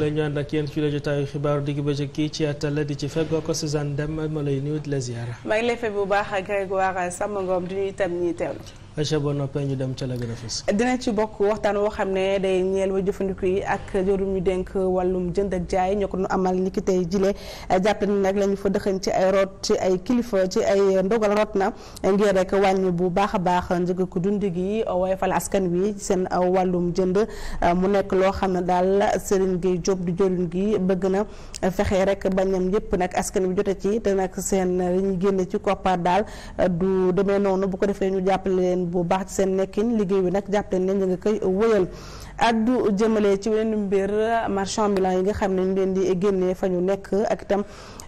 la ñu ànd ak yéen ci la jotaayu xibaaru digg bëccëg kii ci àttala di ci feggoo ko Suzanne Deme ma lay nuyu di la ziara. maa ngi lay fay bu Aïcha boo noppee ñu dem ca la gën a fës dina ci bokk waxtaan woo xam ne day ñeel wa jëfandiku yi ak yorum ñu denk wàllum jënd ak jaay ñoo ko nu amal ni ki tey jile jàpp ne nag la ñu fa ci ay root ci ay kilifa ci ay ndogal root na ngir rek wàññi bu baax a baax njëg ko dund gi woyofal askan wi seen wàllum jënd mu nekk loo xam ne daal Serigne Gueye Diop du jëriñ gi bëgg na fexe rek bañam yëpp nag askan wi jote ci te nag seen li ñu génne ci koppar daal du demee noonu bu ko defee ñu jàppale leen bu baax ci seen nekkin liggéey bi nag jàpp leen ne ñu ngi koy wëyal addu jëmale ci weneen mbir marchand ambulant yi nga xam ne ñu di génnee fa ñu nekk ak itam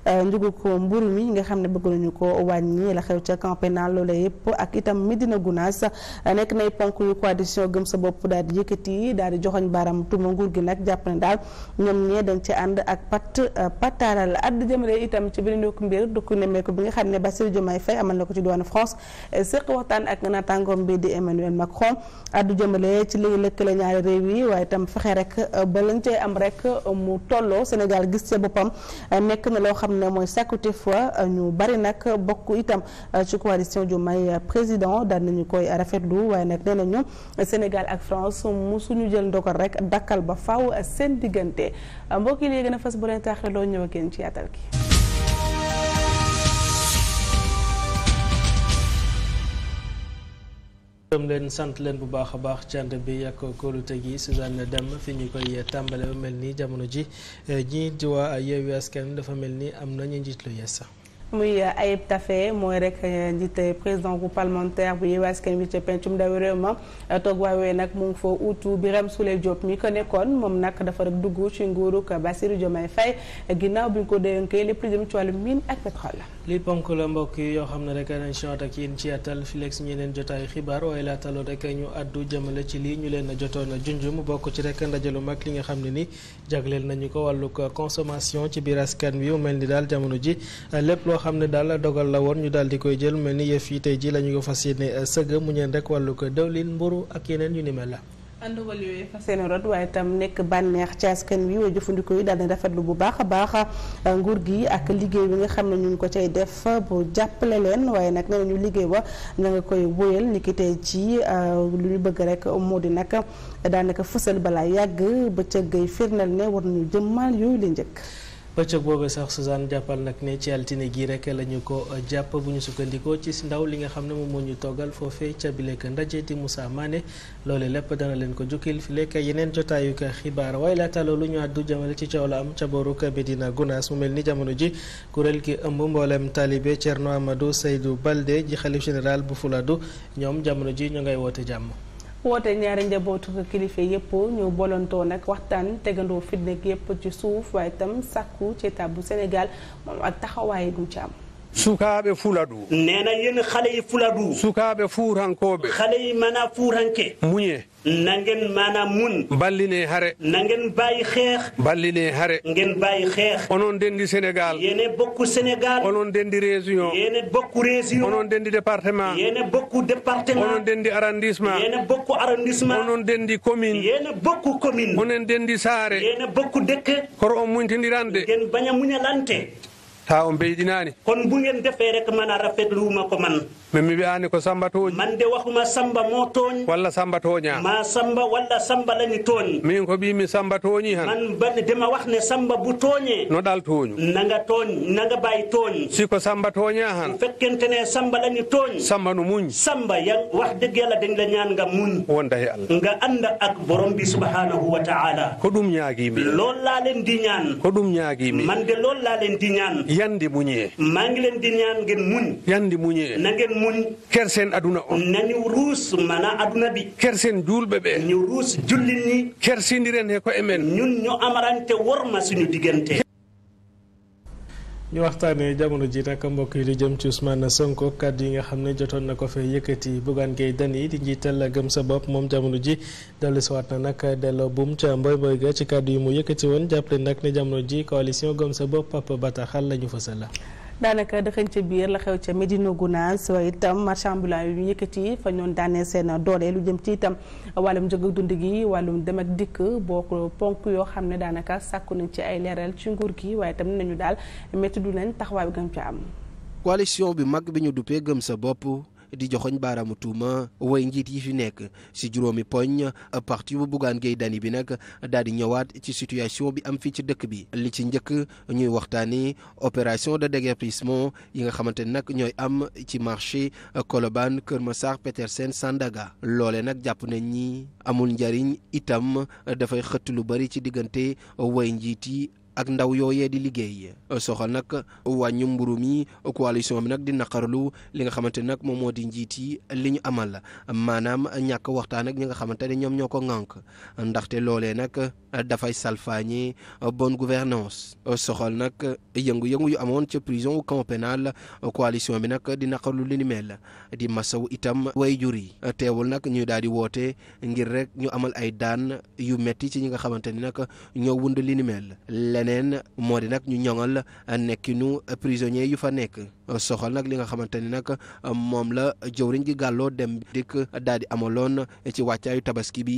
euh, njëgu ko mburu mi nga xam ne bëgg nañu ko wàññi la xew ca camp pénal loola yëpp ak itam Médina Gounass nekk nay ponk yu coalition gëm sa bopp daal di yëkkati daal di joxoñ baram tuma nguur gi nag jàpp ne daal ñoom ñee dañ ci ànd ak pat euh, pataaral addu jëmale itam ci beneen mbir dukk nemmeeku bi nga xam ne Bassirou Diomaye Faye amal ne ko ci diwaanu France séq waxtaan ak naataangoom bi di Emmanuel Macron addu jëmale ci léegi lëkkale ñaari réew liggéey wi waaye tam fexe rek euh, ba lañ cay am rek euh, mu tolloo Sénégal gis ca boppam euh, nekk na loo xam ne mooy sàkkute fois ñu bari nag bokk itam ci coalition Diomaye président daan nañu koy rafetlu waaye nag nee ñu Sénégal ak France musuñu jël ndogal rek dakkal ba faw seen diggante mbokk yi léegi gën fas bu leen taaxle loo ñëw kenn ci yaatal gi gërëm leen sant leen bu baax a baax cant bi ak kóolute gi Suzanne Deme fi ñu koy tàmbale ba mel ni jamono ji ñii di waa Askan dafa mel ni am nañu njiit lu yees sax muy Ayib Tafé mooy rek njiite président groupe parlementaire bu Yewwi Askan Wi ca pencum ndawi réew ma toog waawee nag mu ngi fa utu Birame Souleye Diop mi ko nekkoon moom nag dafa rek dugg ci nguurug Bassirou Diomaye Faye ginnaaw bi ñu ko dénkee lépp lu jëm ci wàllu mine ak la lii ponk la mbokk yi yoo xam ne rek nañ siwaat ak yéen ci atal filex ñi leen jotaayu xibaar waaye laatalo rek ñu àddu jëmale ci lii ñu leen jotoon junj mu bokk ci rek ndajalu mag li nga xam ne ni jagleel nañu ko wàllug consommation ci biir askan wi mu mel ni daal jamono ji lépp loo xam ne daal dogal la woon ñu daal di koy jël mel ni yëf yi ji la ñu ko fas yéene sëgg mu ñeen rek wàllug dëwlin mburu ak yeneen yu ni mel la àndawal yooyu fa seen rot waaye itam nekk bànneex ci askan wi way jëfandikoo yi daal di rafetlu bu baax a baax euh, nguur gi ak liggéey bi nga xam ne ñu ko cay def bu jàppale leen waaye nag nee nañu liggéey ba na nga koy wóyal ni ki tey ci euh, lu ñu bëgg rek moo di nag daanaka fësal balaa yàgg ba ca cëggay firndeel ne war nañu jëmmal yooyu la njëkk bëccëg boobee sax Suzanne jàppal nag ne ci altine gi rek la ñu ko jàpp bu ñu sukkandikoo ci ndaw li nga xam ne moom moo ñu toggal foofee ca bilek ndaje di Moussa Mané loole lépp dana leen ko jukkil fi lekk yeneen jotaayu ko xibaar waaye laata loolu ñu àddu jëmale ci coow la am ca booru Medina Gounass mu mel ni jamono ji kuréel gi ëmb mboolem taalibe Thierno Amadou Seydou Balde ji xalif général bu Fuladu ñoom jamono ji ñu ngay woote jàmm. woote ñaari njabootu ko kilifa yépp ñu bolantoo nag waxtaan tegandoo fitna yépp ci suuf waaye itam sàkku ci état bu Sénégal moom ak taxawaay du ci am sukaaɓe fuladu nee na yéen xale yi fuladu sukaaɓe fuurankoɓe xale yi mana fuuranke muñe na ngeen maanaam mun balline hare na ngeen bàyyi xeex balline hare ngeen bàyyi xeex onon dendi sénégal yene bokku sénégal onon dendi région yene bokku région onon dendi département yene bokku département onon dendi arrondissement yene bokku arrondissement onon dendi commune yene bokku commune onen dendi saare yene bokku dëkk koro on muñtindirande ngeen baña muñalante taw o mbeyɗinani kono bu ngeen defee rek man a rafetluwuma ko man mais mi wiyani ko samba tooñi man de waxuma samba walla samba tooña ma samba walla samba lani tooñ min ko mbimi samba tooñi han man bane dema wax ne samba bu tooñe no ɗal tooñu naga tooñ naga bay tooñ siko samba tooña han fekkentene samba lani tooñ samba no muñ samba ya wax dëgg yàlla dañ la ñaan nga muñ wonda e allah nga anda ak borom bi subhanahu wa ko ɗum ñaagimi lool laa leen di ñaan ko ɗum ñaagimi man de lool laa leen yandi muñee maa ngi leen di ñaan ngeen muñ yandi muñee na ngeen muñ kersen aduna on nañu ruus mana aduna bi kersen julɓe ɓe ñu ruus jullit ñi kersiniren he ko e men ñun ñu amarante worma suñu diggante ñu waxtaanee jamono ji nag mbokk yi lu jëm ci na sonk kàddu yi nga xam ne jotoon na ko fee yëkkati Bougane Gueye Dany di njiital gëm sa bopp moom jamono ji dellusiwaat na nag delloo buum ca mboy mboy ga ci kàddu yi mu yëkkati woon jàppale nag ne jamono ji coalition gëm sa bopp Papa Bataxal la ñu fësal la daanaka dëxañ ca biir la xew ca Médina Gounass itam marchand ambulant yu ñu yëkkati fa ñoon daanee seena doole lu jëm ci itam wàllum njëg ak dund gi wàllum dem dikk bokk ponk yoo xam ne daanaka sàkku nañ ci ay leeral ci nguur gi waaye itam nañu daal métti du nañ tax bi gëm ca am coalition bi mag bi ñu duppee gëm sa bopp di joxoñ baaraamu tuuma woy njiit yi fi nekk ci juróomi poñ parti bu Bougane Gueye Dany bi nag daal di ñëwaat ci situation bi am fii ci dëkk bi li ci njëkk ñuy waxtaani opération de déguerpissement yi nga xamante ne nag ñooy am ci marché Colobane Kër ma Massar Petersen Sandaga loole nag jàpp nañ ñi amul njariñ itam dafay xëtt lu bari ci diggante way njiit yi ak ndaw yooyee di liggéey soxal nag wàññu mburu mi coalition bi nag di naqarlu li nga xamante nag moom moo di njiit yi li ñu amal la maanaam ñàkk waxtaan ak ñi nga xamante ne ñoom ñoo ko ŋànk ndaxte loole nag dafay salfaañe bonne gouvernance soxal nag yëngu-yëngu yu amoon ca prison wu camp pénal coalition bi nag di naqarlu li ni mel di masaw itam way jur yi teewul nag ñu daal di woote ngir rek ñu amal ay daan yu metti ci ñi nga xamante ni nag ñoo wund li ni leneen moo di nag ñu ñoŋal nekkinu prisonnier yu fa nekk soxal nag li nga xamante ni nag moom la jëwriñ gi gàlloo dem dikk daal di amaloon ci wàccaayu tabaski bi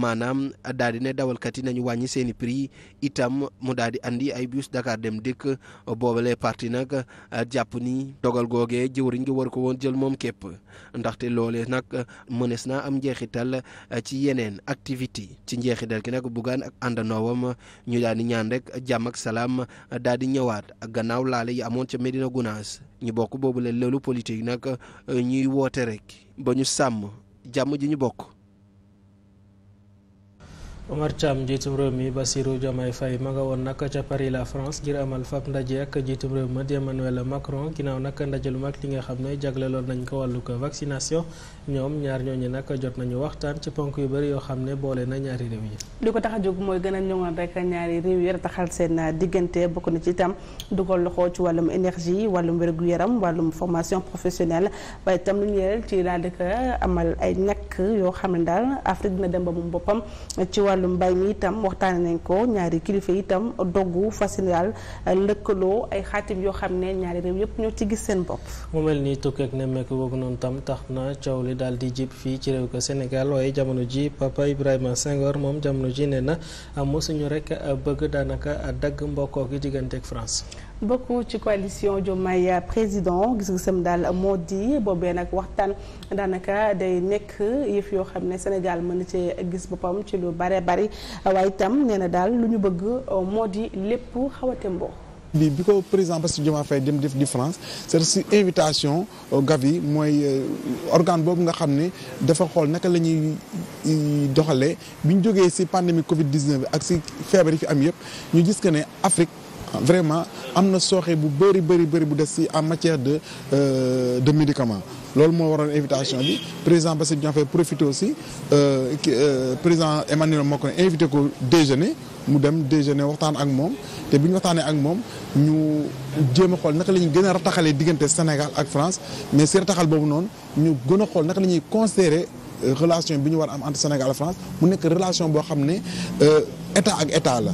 maanaam daal di ne dawalkati yi nañu wàññi seeni prix itam mu daal di andi ay buus Dakar dem dikk boobale parti nag jàpp ni dogal googee jëwriñ gi war ko woon jël moom képp ndaxte loole nag mënees naa am njeexital ci yeneen activité ci njeexital ki nag buggaan ak àndanoowam ñu daal ñaan rek jàmm ak salaam uh, daal di ñëwaat ak gannaaw laale yi amoon ca Medina Gounass ñu bokk boobu leen loolu politique nag uh, ñuy woote rek ba ñu sàmm jàmm ji ñu bokk. Omar Thiam njiitum réew mi Bassirou Diomaye Faye ma nga woon nag ca Paris la France ngir amal fab ndaje ak njiitum réew ma di Emmanuel Macron ginnaaw nag ndaje lu mag li nga xam ne jagleeloon nañ ko wàllu vaccination ñoom ñaar ñooñu nag jot nañu waxtaan ci ponk yu bëri yoo xam ne boole na ñaari réew yi. li ko tax a jóg mooy gën a ñoŋoon rek ñaari réew yi taxal seen diggante bokk na ci itam dugal loxo ci wàllum énergie wàllum wérgu yaram wàllum formation professionnelle waaye itam lu ñu ci daal di amal ay yoo xam ne daal Afrique dina dem ba moom wàllu mbay mi itam waxtaane nañ ko ñaari kilifa itam doggu fasin daal lëkkaloo ay xaatim yoo xam ne ñaari réew yëpp ñoo ci gis seen bopp mu mel ni tukki ak nemmeeku boobu noonu tam tax na coow li daal di jib fii ci réew ko Sénégal waaye jamono ji Papa Ibrahima Senghor moom jamono ji nee na mosuñu rek bëgg daanaka dagg mbokkoo gi diggante ak France beaucoup ci coalition Diomaye président gis-gisam daal moo di boobee nag waxtaan daanaka day nekk yëf yoo xam ne Sénégal mën na cee gis boppam ci lu bare bari waaye itam nee na daal lu ñu bëgg moo di lépp xaw a temboo bi bi ko président Bassirou Diomaye Faye dem def di France c'est si invitation euh, Gavi mooy euh, organe boobu nga xam ne dafa xool naka la ñuy euh, doxalee bi ñu jógee si pandémie Covid 19 ak si feebar yi fi am yëpp ñu gis que ne Afrique vraiment am na sooxe bu bëri bëri bëri bu des si en matière de euh, de médicaments loolu moo waroon invitation bi président Bassirou Diomaye Faye profité aussi euh, euh, président Emmanuel Macron invité ko déjeuner mu dem déjeuner waxtaan ak moom te bi ñu waxtaanee ak moom ñu jéem a xool naka la ñuy gën a rataxalee diggante Sénégal ak France mais si rataxal boobu noonu ñu gën a xool naka la ñuy considérer relation bi ñu war am entre Sénégal ak France mu nekk relation boo xam ne euh, état ak état la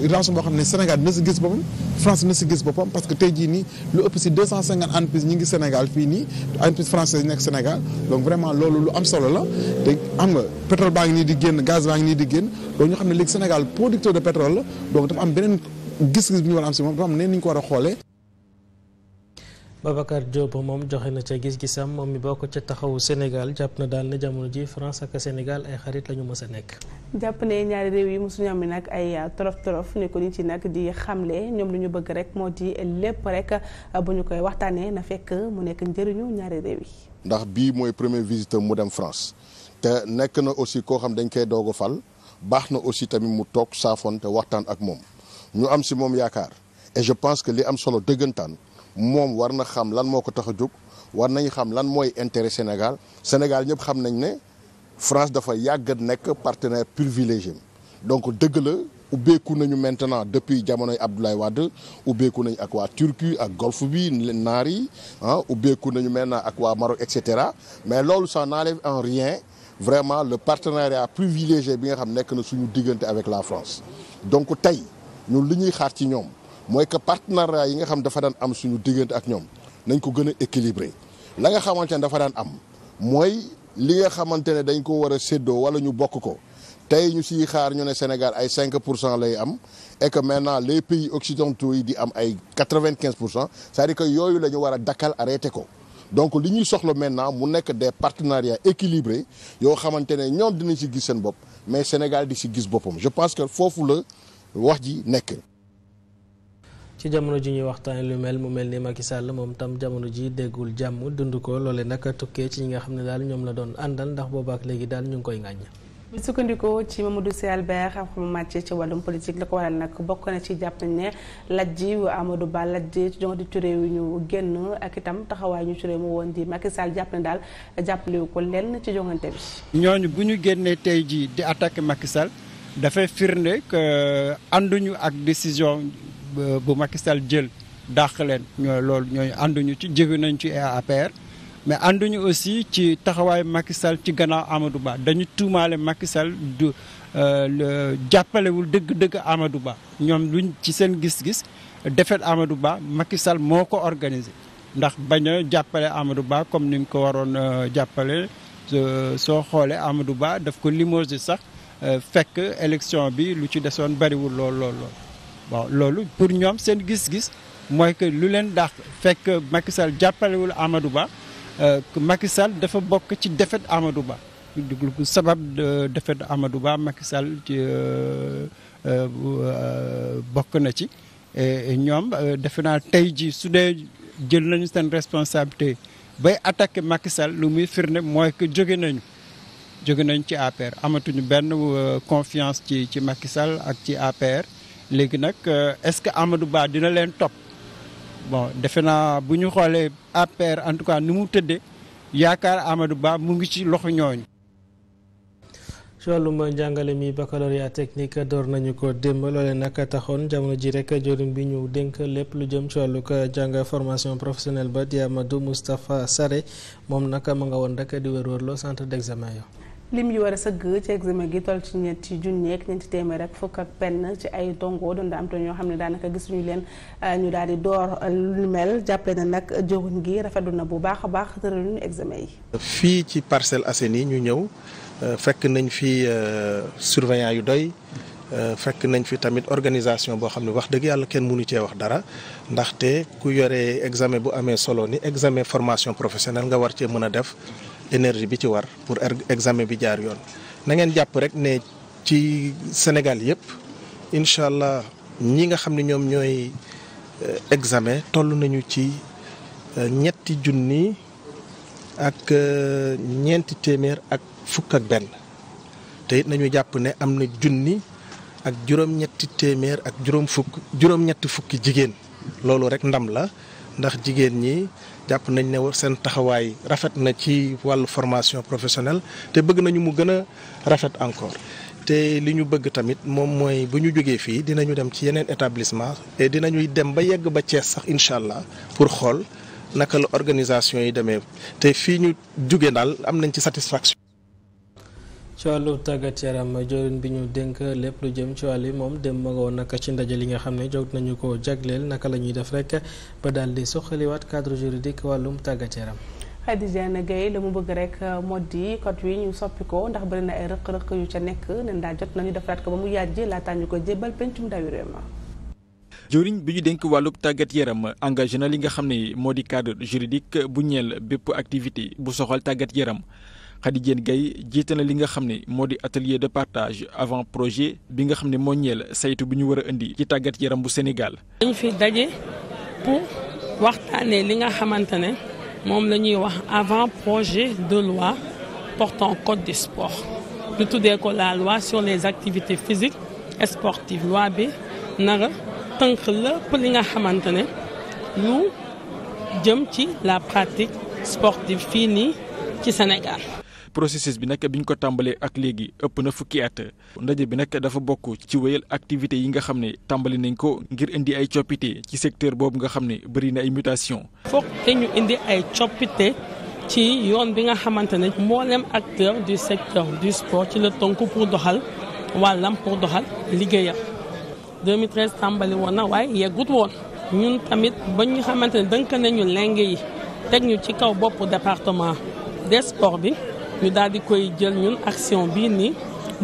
relation boo xam ne Sénégal dina si gis boppam France dina si gis boppam parce que tey jii nii lu ëpp si deux cent cinquante entreprises ñi ngi Sénégal fii nii entreprises françaises yi nekk Sénégal donc vraiment loolu lu am solo la te am nga pétrole baa ngi nii di génn gaz baa ngi nii di génn donc ñu xam ne léegi Sénégal producteur de pétrole la donc dafa am beneen gis-gis bi ñu war a am si moom dafa am ne ni ñu ko war a xoolee Babacar Diop moom joxe na ca gis-gisam moom mi bokk ca taxawu Sénégal jàpp na daal ne jamono ji France ak Sénégal ay xarit la ñu mës a nekk. jàpp ne ñaari réew yi mosuñu am nag ay torof torof ne ko ñu ci nag di xamle ñoom lu ñu bëgg rek moo di lépp rek bu ñu koy waxtaanee na fekk mu nekk njëriñu ñaari réew yi. ndax bii mooy premier visite mu dem France te nekk na aussi koo xam dañ koy doog a fal baax na aussi tamit mu toog saafoon te waxtaan ak moom ñu am si moom yaakaar et je pense que li am solo dëggantaan. moom war na xam lan moo ko tax a jóg war nañ xam lan mooy intérêt Sénégal Sénégal ñëpp xam nañ ne France dafa yàgg nekk partenaire privilégié donc dëgg la ubbeeku nañu maintenant depuis jamonoy Abdoulaye Wade ubbeeku nañu ak waa Turquie ak golfe bi naar yi ah ubbeeku nañu maintenant ak waa Maroc et cetera mais loolu ça n'enlève en rien vraiment le partenariat privilégié bi nga xam nekk na suñu diggante avec la France donc tey ñun li ñuy xaar ci ñoom. mooy que partenariat yi nga xam dafa daan am suñu diggante ak ñoom nañ ko gën a équilibré la nga xamante ne dafa daan am mooy li nga xamante ne dañ ko war a séddoo wala ñu bokk ko tey ñu siy xaar ñu ne Sénégal ay 5 pour cent lay am et que maintenant les pays occidentaux yi di am ay 95 pour cent cest que yooyu la ñu war a dakkal arrêté ko. donc li ñuy soxla maintenant mu nekk dee partenariats équilibrés yoo xamante ne ñoom dinañ si gis seen bopp mais Sénégal di si gis boppam je pense que foofu la wax ji nekk. ci jamono ji ñuy waxtaanee lu mel mu mel ni Macky Sall moom tam jamono ji déggul jàmm dund ko loole nag tukkee ci ñi nga xam ne daal ñoom la doon àndal ndax boobaak léegi daal ñu ngi koy ŋàññ bu sukkandikoo ci Mamadou Sy Albert xam màcc ci wàllum politique la ko waral nag bokk na ci jàpp nañ ne lajji wu Amadou Ba lajji ci joŋati turé wi ñu génn ak itam taxawaay ñu ci turé mu woon di Macky Sall jàpp na daal jàppalewu ko lenn ci joŋante bi. ñooñu bu ñu génnee tey jii di attaqué Macky Sall dafay firnde que ak décision bu Macky Sall jël dàq leen ñooy loolu ñooy ànduñu ci jëgu nañ ci APR mais ànduñu aussi ci taxawaayu Macky Sall ci gannaaw Amadou Ba dañu tuumaale Macky Sall du euh, jàppalewul dëgg-dëgg Amadou Ba ñoom luñ ci seen gis-gis défaite Amadou Ba Macky Sall moo ko organisé ndax bañ jàppale Amadou Ba comme ni mu ko waroon euh, jàppale euh, soo xoolee Amadou Ba daf ko limogé sax fekk élection bi lu ci desoon bariwul lool lool lool. waaw loolu pour ñoom seen gis-gis mooy que lu leen daax fekk Macky Sall jàppalewul Amadou Ba euh, Macky Sall dafa bokk ci défaite Amadou Ba duglu sabab défaite Amadou Ba Macky Sall ci euh, euh, bokk na ci ñoom defe naa tey ji su dee jël nañu seen responsabilité bay attaqué Macky lu muy firnde mooy que jóge nañu jóge nañu ci APR amatuñu benn confiance ci ci Macky ak ci APR léegi nag euh, est-ce que Amadou Ba dina leen topp bon defe naa bu ñu xoolee APR en tout cas ni mu tëddee yaakaar Amadou Ba mu ngi ci loxo ñooñu. ci wàllum njàngale mi baccalauréat technique door nañu ko démb loole nag taxoon jamono ji rek jëriñ bi ñu dénk lépp lu jëm ci wàllu jàng formation professionnelle ba di Amadou Moustapha Sare moom nag ma nga woon rek di wër-wërloo centre d'examen yo lim yi war a sëgg ci examen gi toll ci ñetti junni ak ñeenti téeméer ak fukk ak benn ci ay dongo doon am te ñoo xam ne daanaka gisuñu leen euh, ñu daal di door lu mel jàppale na nag jëwuñ gi rafetlu na bu baax a baax tëraluñu examen yi. fii ci Parcelles Assainies ñu ñëw euh, fekk nañ fi euh, surveillant yu doy. Euh, fekk nañ fi tamit organisation boo xam ne wax dëgg yàlla kenn mënu cee wax dara ndaxte ku yore examen bu amee solo ni examen formation professionnelle nga war cee mën a def énergie bi ci war pour er, examen bi jaar yoon. nangeen ngeen jàpp rek ne ci Sénégal yëpp incha allah ñi nga xam ne ñoom ñooy euh, examen toll nañu ci euh, ñetti junni ak ñeenti téeméer ak fukk ak benn te nañu jàpp ne am na junni. ak juróom-ñetti téeméer ak juróom fukk juróom-ñetti fukki jigéen loolu rek ndam la ndax jigéen ñi jàpp nañ ne seen taxawaay rafet na ci wàll formation professionnelle te bëgg nañu mu gën a rafet encore te li ñu bëgg tamit moom mooy bu ñu jógee fii dinañu dem ci yeneen établissement dina ñuy dem ba yegg ba Thiès sax incha allah pour xool naka la organisation yi demee te fii ñu jóge daal am nañ ci satisfaction ci wàllu tàggat yaram joriñ bi ñu dénk lépp lu jëm ci wàll yi moom dem ma woon nag ci ndaje li nga xam ne jog nañu ko jagleel naka la ñuy def rek ba daal di suqaliwaat cadre juridique wàllum tàggat yaram. Khady Diène la mu bëgg rek moo di code wi ñu soppi ndax bari na ay rëq-rëq ca nekk nen daal jot nañu ko ba mu yàjj laataa ñu ko jébbal pencum ndawi réew ma joriñ bi ñu dénk wàllub tàggat yaram engagé na li nga xam ne moo di cadre juridique bu ñeel bépp activité bu soxal tàggat yaram Khady Diène Gaye jiite na li nga xam ne moo di atelier de partage avant projet bi nga xam ne moo ñeel saytu bi ñu war a indi ci tàggat yaram bu Sénégal. dañ fi daje pour waxtaanee li nga xamante ne moom la ñuy wax avant projet de loi portant code du sport ñu tuddee ko la loi sur les activités physiques et loi bi nara tënk lépp li nga xamante ne lu jëm ci la pratique sportive fii nii ci Sénégal. processus bi nag bi ñu ko tàmbalee ak léegi ëpp na fukki at ndaje bi nag dafa bokk ci wéyal activités yi nga xam ne tàmbali nañ ko ngir indi ay coppite ci secteur boobu nga xam ne bëri na ay mutation foog te ñu indi ay coppite ci yoon bi nga xamante ne mboolem acteur du secteur du sport ci la tonk pour doxal wàllam pour doxal liggéeya 2013 tàmbali woon na waaye yeggut woon ñun tamit ba ñu xamante ne dënk nañu leng yi teg ñu ci kaw boppu département des sports bi ñu daal di koy jël ñun action bi nii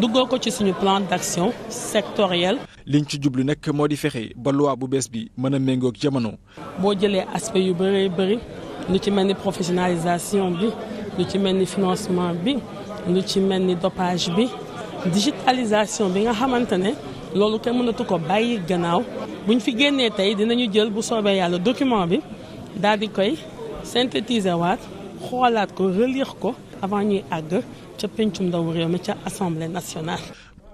duggoo ko ci suñu plan d'action sectoriel. liñ ci jublu nag moo di fexe ba loi bu bees bi mën a méngoog jamono. boo jëlee aspect yu bëree bëri lu ci mel ni professionnalisation bi lu ci mel ni financement bi lu ci mel ni doppage bi digitalisation bi nga xamante ne loolu kenn mënatu ko bàyyi gannaaw bu ñu fi génnee tey dinañu jël bu soobee yàlla document bi daal di koy synthétiser waat. xoolaat ko relire ko avant ñuy àgg ca pencum ndaw réew mi ca assemblée nationale.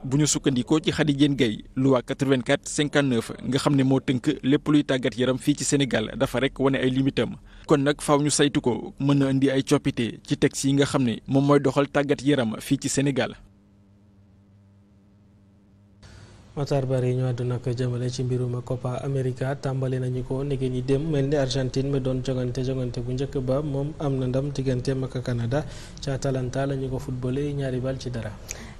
bu ñu sukkandikoo ci Khady Diène Gaye loi 84 59 nga xam ne moo tënk lépp luy tàggat yaram fii ci Sénégal dafa rek wane ay limitam kon nag faaw ñu saytu ko mën a indi ay coppite ci texte yi nga xam ne moom mooy doxal tàggat yaram fii ci Sénégal. Matar Bari ñu àddu nag jëmale ci mbirum Copa America tàmbali nañu ko nege ñi dem mel ni Argentine ma doon jogante jogante bu njëkk ba moom am na ndam digganteem ak kanada ca Atalanta lañu ko footballé ñaari bal ci dara.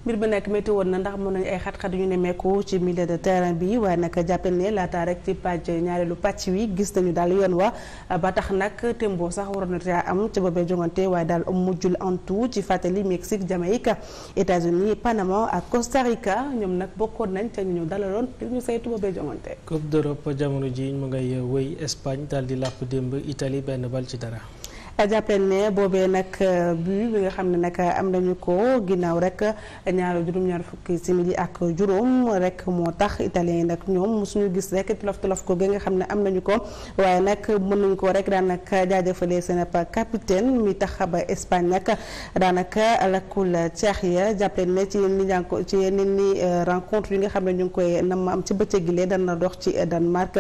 mbir bi nag métti woon na ndax mën nañu ay xat-xat yu ne meeku ci milieu de terrain bi waaye nag jàppal laata rek ci pàcc ñaareelu pàcc wi gis nañu daal yoon wa ba tax nag tembo sax waroon na caa am ca boobee jongante waaye daal mujjul en tout ci fàttali Mexique Jamaïque États-Unis Panama ak Costa Rica ñoom nag bokkoon nañ ca ñu ñu dalaloon pour ñu saytu boobee jongante. Coupe d'Europe jamono ji mu ngay wëy Espagne daal di làpp démb Italie benn bal ci dara. jàppaleen ne boobee nag bu euh, bi nga xam ne nag am nañu ko ginnaaw rek ñaari juróom-ñaar fukki simili ak juróom rek moo tax italien yi nag ñoom mu suñu gis rek tolof tolof ko ga nga xam ne am nañu ko waaye nag mën nañu ko rek daanaka jaajëfalee seen ab capitaine mi tax ba Espagne nag daanaka lakkul ceex ya jàppaleen ne ci yenn ni jànko ci yenn ni euh, rencontre yi nga xam ne ñu ngi koy nam am ci bëccëg gi dana dox ci Danemark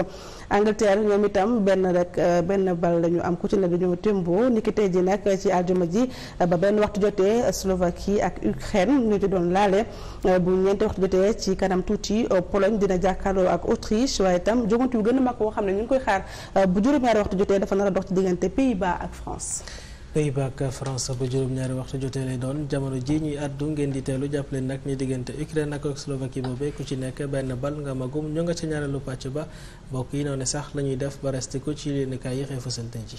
Angleterre ñoom itam benn rek euh, benn bal lañu am ku ci ne dañoo témboo boobu niki tey ji nag ci aljuma ji ba benn waxtu jotee Slovaquie ak Ukraine ñu di doon laale bu ñeenti waxtu jotee ci kanam tuuti Pologne dina jàkkaarloo ak Autriche waaye itam jogantu yu gën a mag boo xam ne ñu ngi koy xaar bu juróom-ñaari waxtu jotee dafa nar a dox ci diggante Pays-Bas ak France Pays-Bas ak France ba juróom-ñaari waxtu jotee lay doon jamono ji ñuy addu ngeen di teelu jàppale nag ni diggante Ukraine ak Slovaquie boobee ku ci nekk benn bal nga magum ñoo nga ca ñaareelu pàcc ba mbokk yi noo sax la ñuy def ba restiku ci lenn kaay yi xëy fësal tey ji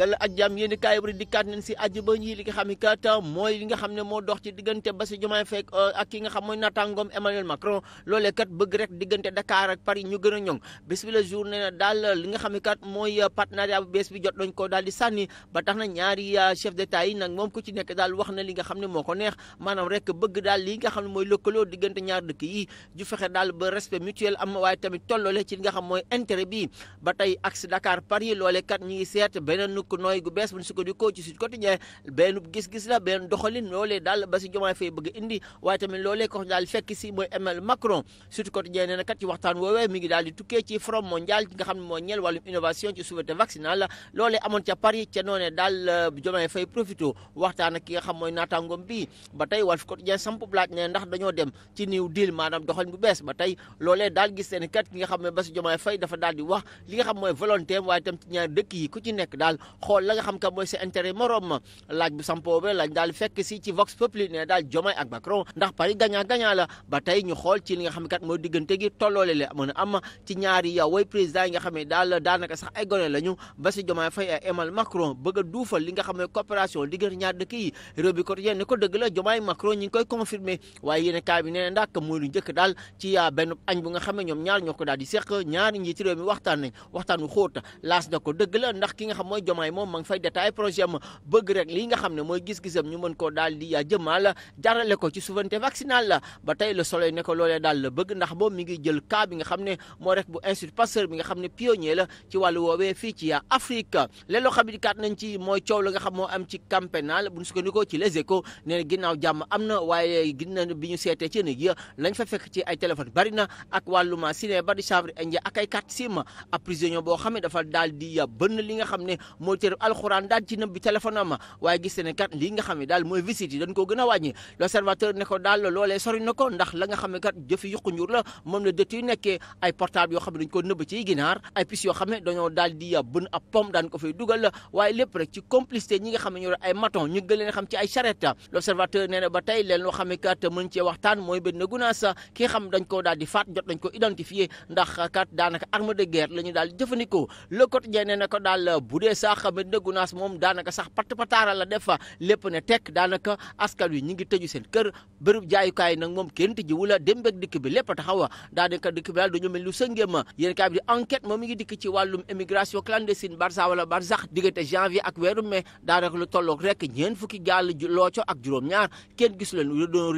dala ak jàmm yéen i kaay bari dikkaat nañ si aji ba ñii li nga xam ne mooy li nga xam ne moo dox ci diggante Bassirou Diomaye Faye ak ki nga xam mooy naataangoom Emmanuel Macron loolee kat bëgg rek a na daal li nga xam ne kat mooy partenariat euh, li nga xam ne moo ko neex maanaam rek bëgg daal li nga xam ne mooy lëkkaloo diggante ñaar dëkk yi ju fexe daal ba respect mutuel am waaye tamit tolloole ci li nga xam mooy intérêt bi ba tey axe Dakar Paris kat ñi seet beneen nekk nooy gu bees bu ñu sukkandikoo ci Sud Quotidien benn gis-gis la benn doxalin loolee daal ba si Diomaye Faye bëgg indi waaye tamit loolee daal fekk si mi ngi daal di tukkee ci forum mondial nga xam ne moo ñeel wàllum innovation euh, waxtaan ak ki nga xam moy naataangoom bii ba tey Walf Quotidien samp laaj ne dañoo dem ci new deal maanaam doxalin bu bees ba tey loolee daal gis seen kat ki nga xam ne Bassirou Diomaye Faye dafa daal di wax li xam mooy volonté waaye tam ci ñaar dëkk yi ku ci nekk daal xool la nga xam kam mooy sa intérêt morom laaj bu sampoo ba lañ fekk si ci Vox Populi ne daal Diomaye ak Macron ndax Paris gagnant gagnant la ba tey ñu xool ci li nga xam kat mooy diggante gi tolloole la mën a ci ñaari yow way président yi nga xam ne daal daanaka sax ay gone lañu ba si Diomaye Faye ak Emmanuel Macron a li nga xam ne coopération diggante ñaar dëkk yi réew bi quotidien ne ko dëgg la Diomaye Macron ñi ngi koy confirmé waaye yéen kaa bi nee na ndax mooy lu njëkk daal ci ah, benn añ bu nga xam ne ñoom ñaar ñoo ko daal di seq ñaari njiiti réew mi waxtaan nañ waxtaan wu xóota ko dëgg la ndax ki nga xam mooy Diomaye waaye moom ma ngi fay détaillé projet am bëgg rek li nga xam ne mooy gis-gisam ñu mën koo daal di jëmal jarale ko ci souveraineté vaccinale la ba tey le soleil ne ko loolee daal la bëgg ndax boobu mi ngi jël cas bi nga xam ne moo rek bu institut Pasteur bi nga xam ne pionnier la ci wàllu woowee fii ci Afrique léeg loo xam ne kat nañ ci mooy coow la nga xam moo am ci camp pénal bu ñu sukkandikoo ci les échos nee na ginnaaw jàmm am na waaye ginna bi ñu seetee ci nit yi lañ fa fekk ci ay téléphone bari na ak wàlluma ciné ba di chanvre ak boo xam ne daal di bënn li nga xam ne mooy téere alxuraan daan ci nëb bi téléphone am waaye gis ne kat lii nga xam daal mooy visite yi dañ gën a wàññi l'observateur ne daal loolee sori na ko ndax la nga xam ne daal l'observateur nee ba tey leen loo xam ne mën cee waxtaan mooy benn gunaas ki xam dañ koo daal di faat jot nañ ko identifié ndax kat daanaka arme de guerre la daal di jëfandikoo le quotidien nee ko daal bu dee Mouhamed Nagounass moom daanaka sax patt pataaral la def fa lépp ne tekk daanaka askan wi ñi ngi tëju seen kër bërëb jaayukaay nag moom kenn tëji wala dem ak dikk bi lépp taxawa daanaka dikk bi daal dañu lu sëngeem yéen kaay bi di enquête moom mi ngi dikk ci wàllum émigration clandestine Barça wala Barsax diggante janvier ak weeru mai daanaka lu tolloog rek ñeent fukki gaal looco ak juróom-ñaar kenn gisu leen lu doon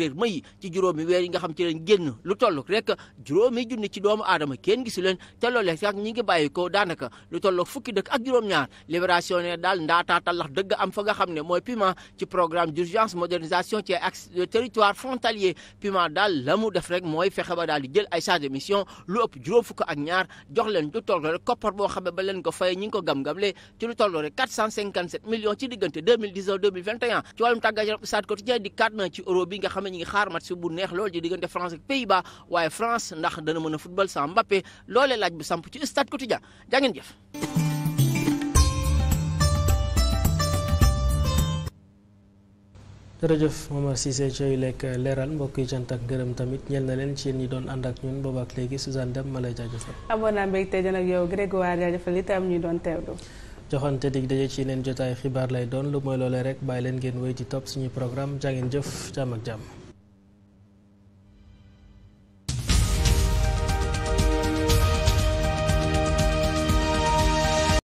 ci juróomi weer yi nga xam ci leen génn lu tolloog rek juróomi junni ci doomu aadama kenn gisu leen te loolee sax ñi ngi bàyyi ko daanaka lu tolloog fukki dëkk ak juróom opérationnel daal ndaataatal lax dëgg am fa xam ne mooy PUMA ci programme d'urgence modernisation ci axe frontalier PUMA daal la mu mooy fexe ba daal jël ay charge de mission lu fukk ak ñaar jox leen du toll rek boo xam ne ba ko fayee ñi ko gam-gamle ci lu toll rek 457 millions ci diggante 2019 2021 ci wàllum tàggat yaram Stades Quotidien di ci euro bi nga xam ne ñi ngi xaar match bu ci diggante France ak Pays-Bas waaye France ndax dana a football jërëjëf Momar Cissé cooy lekk leeral mbokk yi cant ak gërëm tamit ñel na leen ci yéen ñi doon ànd ak ñun boobaak léegi Suzanne Dem ma lay jaajëfal amoon naa mbégte jan ak yow Grégoire li itam ñuy doon teewlu joxante dig daje ci yeneen jotaay xibaar lay doon lu mooy loole rek bàyyi leen ngeen wéy di topp suñu programme jàngeen jëf jàmm ak